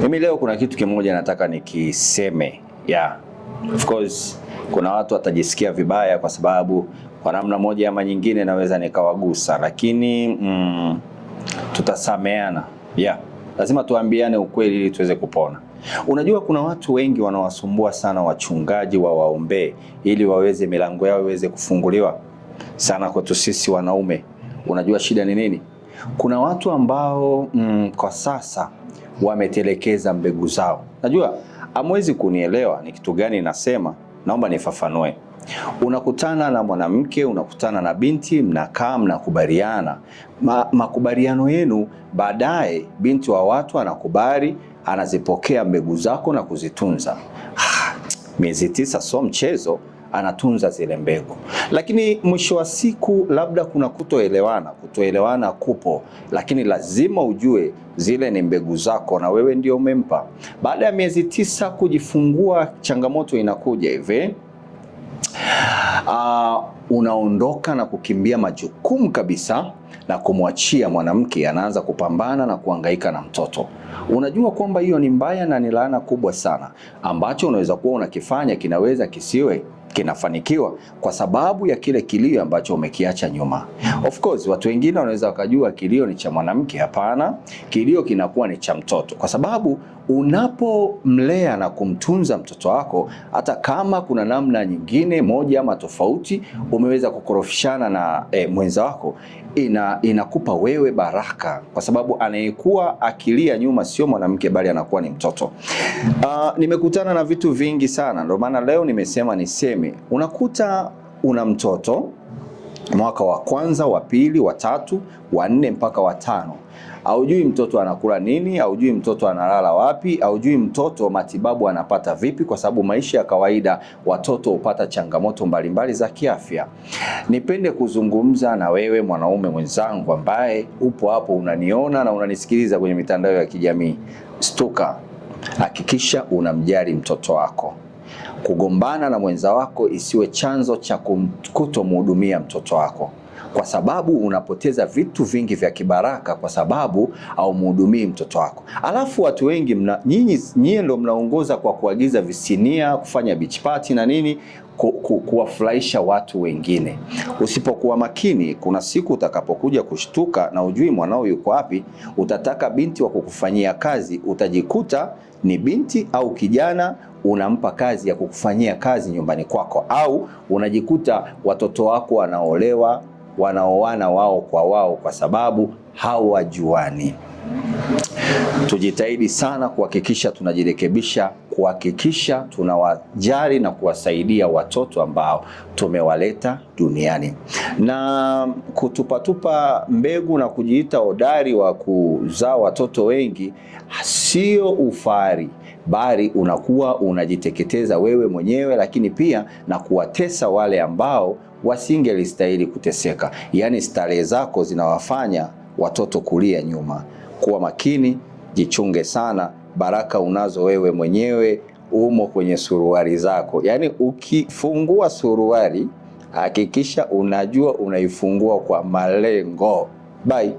Mimi leo kuna kitu kimoja nataka nikiseme. Yeah. Of course kuna watu watajisikia vibaya kwa sababu kwa namna moja ama nyingine naweza nikawagusa, lakini mm, tutasameana. Yeah. Lazima tuambiane ukweli ili tuweze kupona. Unajua kuna watu wengi wanawasumbua sana wachungaji wa waombee ili waweze milango yao iweze kufunguliwa. Sana kwetu sisi wanaume, unajua shida ni nini? Kuna watu ambao mm, kwa sasa wametelekeza mbegu zao. Najua amwezi kunielewa ni kitu gani nasema, naomba nifafanue. Unakutana na mwanamke, unakutana na binti, mnakaa mnakubaliana Ma, makubaliano yenu, baadaye binti wa watu anakubali, anazipokea mbegu zako na kuzitunza. Ah, miezi tisa, so mchezo anatunza zile mbegu, lakini mwisho wa siku labda kuna kutoelewana. Kutoelewana kupo, lakini lazima ujue zile ni mbegu zako na wewe ndio umempa. Baada ya miezi tisa kujifungua, changamoto inakuja hivi uh, unaondoka na kukimbia majukumu kabisa na kumwachia mwanamke, anaanza kupambana na kuangaika na mtoto. Unajua kwamba hiyo ni mbaya na ni laana kubwa sana. Ambacho unaweza kuwa unakifanya kinaweza kisiwe kinafanikiwa kwa sababu ya kile kilio ambacho umekiacha nyuma. Of course, watu wengine wanaweza wakajua kilio ni cha mwanamke. Hapana, kilio kinakuwa ni cha mtoto, kwa sababu unapomlea na kumtunza mtoto wako, hata kama kuna namna nyingine moja ama tofauti umeweza kukorofishana na e, mwenza wako, ina inakupa wewe baraka, kwa sababu anayekuwa akilia nyuma sio mwanamke, bali anakuwa ni mtoto. Uh, nimekutana na vitu vingi sana, ndio maana leo nimesema niseme mimi, unakuta una mtoto mwaka wa kwanza, wa pili, wa tatu, wa nne mpaka wa tano, aujui mtoto anakula nini, aujui mtoto analala wapi, aujui mtoto matibabu anapata vipi, kwa sababu maisha ya kawaida watoto hupata changamoto mbalimbali za kiafya. Nipende kuzungumza na wewe mwanaume mwenzangu ambaye upo hapo unaniona na unanisikiliza kwenye mitandao ya kijamii, stuka, hakikisha unamjali mtoto wako. Kugombana na mwenza wako isiwe chanzo cha kutomhudumia mtoto wako, kwa sababu unapoteza vitu vingi vya kibaraka kwa sababu haumhudumii mtoto wako. Alafu watu wengi mna, nyinyi nyie ndo mnaongoza kwa kuagiza visinia, kufanya beach party na nini, ku, ku, kuwafurahisha watu wengine. Usipokuwa makini, kuna siku utakapokuja kushtuka na ujui mwanao yuko wapi, utataka binti wa kukufanyia kazi, utajikuta ni binti au kijana unampa kazi ya kukufanyia kazi nyumbani kwako, au unajikuta watoto wako wanaolewa wanaoana wao kwa wao kwa sababu hawajuani. Tujitahidi sana kuhakikisha tunajirekebisha, kuhakikisha tunawajali na kuwasaidia watoto ambao tumewaleta duniani, na kutupatupa mbegu na kujiita hodari wa kuzaa watoto wengi sio ufahari bali unakuwa unajiteketeza wewe mwenyewe, lakini pia na kuwatesa wale ambao wasingelistahili kuteseka. Yaani starehe zako zinawafanya watoto kulia nyuma kuwa makini, jichunge sana. Baraka unazo wewe mwenyewe, umo kwenye suruari zako. Yaani ukifungua suruari hakikisha unajua unaifungua kwa malengo. Bye.